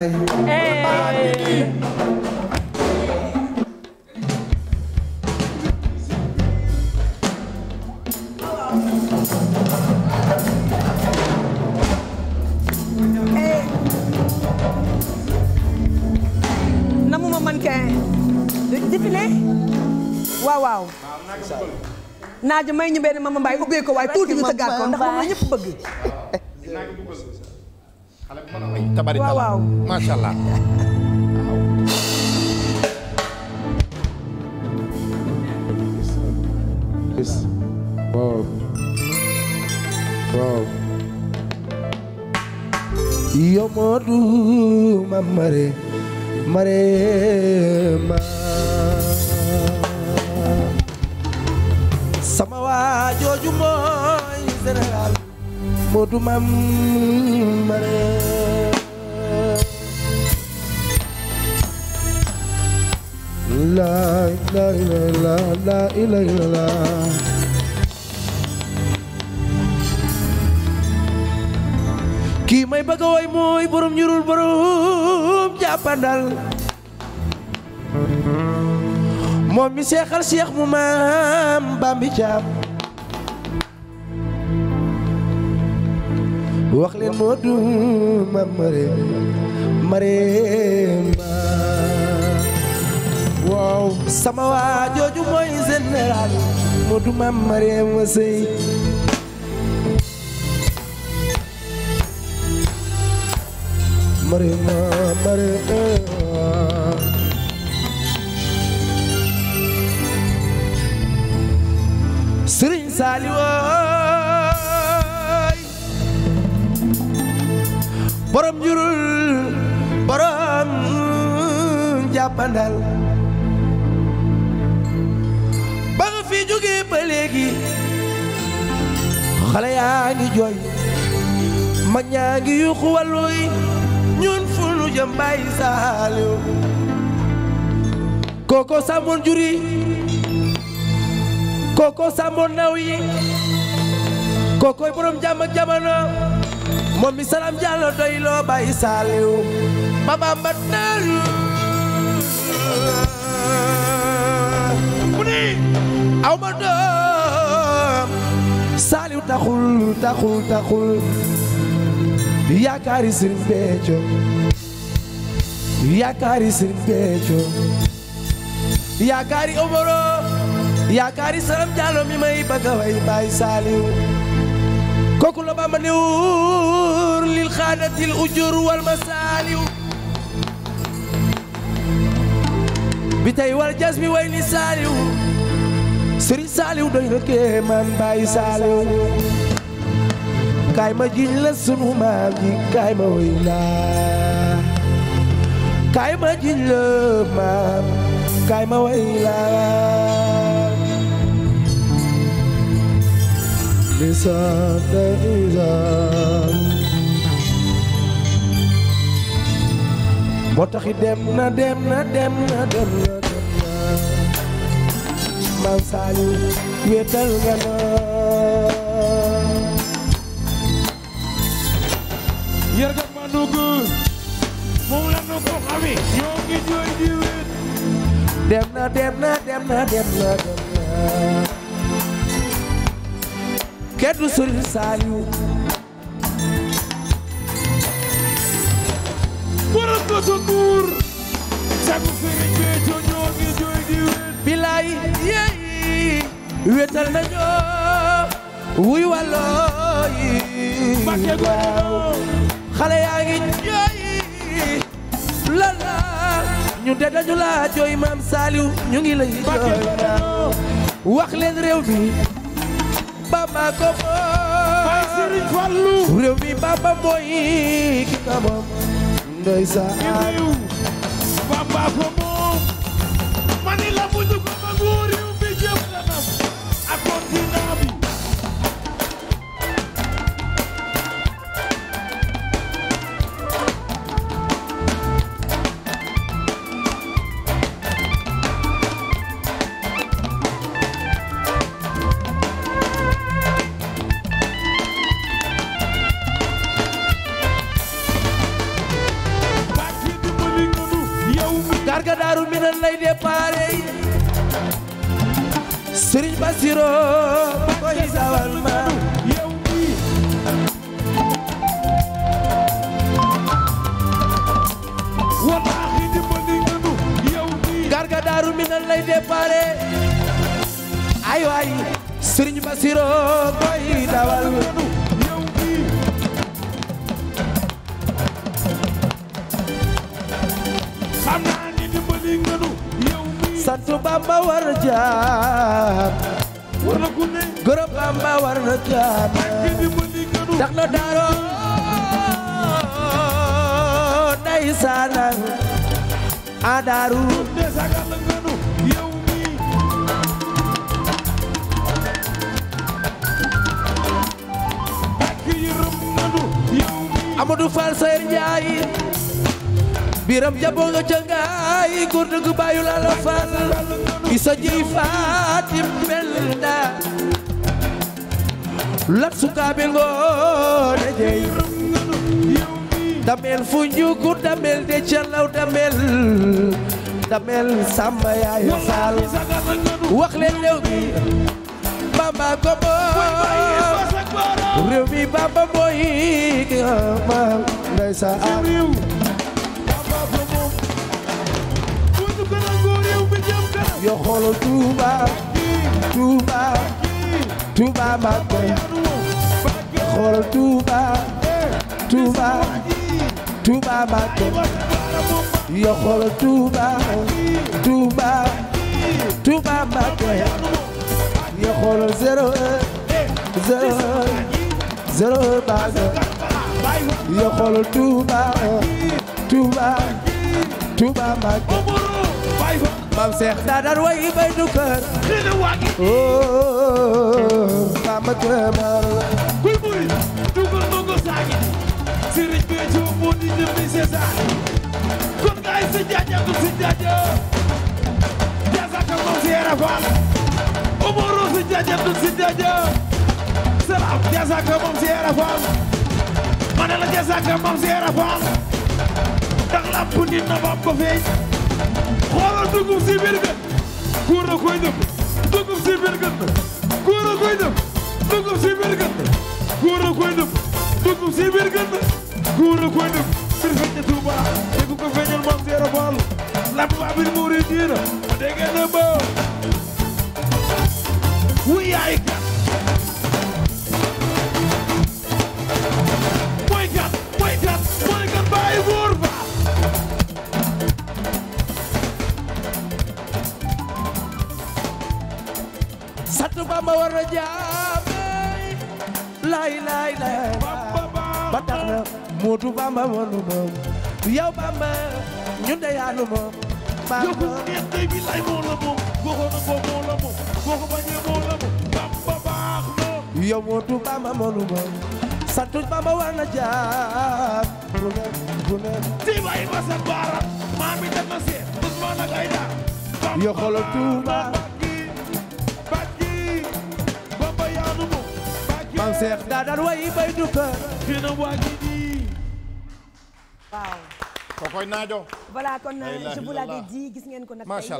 Hey. namuma mannequin défilé waaw waaw naaja may ñu benn Mama Mbaye ubbee ko waaye tuuti ñu tëggaat ko ndax moom la ñëpp bëgg xale bu waaw macha ma mare mare sama waa jooju mooy général Modou Mam Mare la ilaha illallah la ilaha illallah kii may bëgg a woy mooy borom ñurul borom jàppandal moom mi seexal seex mu maam Bambi Caam wax leen moo du ma mareem mareem ma waaw sama waa jooju mooy général moo du ma mareem ma sëy mareem ma mareem Sëriñ Saaliw borom njurul borom jàppandal ba nga fi jóge ba léegi xale yaa ngi jooy mag ñaa ngi yuuxu wàlluy ñun fu nu jëm bàyyi saaliw kooko sàmmoon jur yi kooko naw yi kookoy borom jàmm ak moom bi salam jàllo doy loo bàyyi ma bamba naalu mu ni aw ma doom saaliw taxul taxul taxul yaakaari sëriñ Béthio yaakaari sëriñ Béthio yaakaari omoro yaakaari salam jàllo mi may bëgg a way bàyyi kooku la bamba ne wóor lil xaadatil ujur wal masaaliw bi tey wal jas way ni saaliw sëriñ saaliw doy na kéemaan bàyyi saaliw kaay ma jiñ la sunu maam ji kaay ma woy laa ma jiñ la maam kaay ma woy بساد إذا moo taxi dem na dem na dem na dem na dem na man Saliou wéetal nga ma yërgal ma dugg moom la nu ko xami ñoo ngi jooy di wéet dem na dem na dem na dem na dem kenn du sori Saliou borom ba sa nguur sagu wuy walloo xale yaa ngi jooy lala ñu de dañu laa jooy maam Saliou ñu ngi lay jooy wax leen réew mi bama ko moom may Serigne Fallou réew mi ki nga moom ndeysaan réew bama ko moom mani la muñu ko ma Garga Daaru Minam lay déparé ma koy sawal sant Bamba war na jaam gërëm Bamba war na jaam tax na daaro day saanang a daaru Amadou Fall Seye Ndiaye biram jaboo nga ca ngaay gurdu gu baayu la la fal isa jëy faatim belda ngoone jëy dameel fu njuugu dameel de calaw dameel dameel samba yaayu faal wax leen réew mi bamba ko moom réew bamba mooy ki nga maam ndey sa am yo xoolal Touba Touba Touba Mbacké xoolal Touba Touba Touba Mbacké yo xoolal Touba Touba Touba Mbacké yo xoolal zéro zéro zéro Mbacké yo xoolal Touba Touba Touba Mbacké maam Cheikh daa daan way bay du kër oo maam ak maam kuy murid dugal nongo saagi Sëriñ Béthio moo di jëmmi seesaan kon gaay si jaaja du si jaaja jaasaka maam si yara faal umoro si jaaja du si jaaja salaam jaasaka maam si yara faal ma ne la jaasaka maam si yara faal ndax làmp nit na baam ko feeñ xoolal dugub si biir gën góor a koy dëpp dugub si biir gën góor a koy dëpp dugub si biir gën góor a koy dëpp dugub si biir gën góor a koy dëpp bir feññe Tuuba te ku ko feeñal moom seera faal lam abir muuridiina dégg na ba Bamba war na jaame laay laay na Moodu Bamba moonu moom yow Bamba ñun baax na yow Moodu Bamba moonu moom santu Bamba war na jaam bu baara maa mi dama see Ousmane ak Aïda yo xoolal Tuuba maam Seex daa daan way bay dugg xëna waa gi di waaw kookoy naajo voilà kon euh, je vous l'avais dit gis ngeen ko nag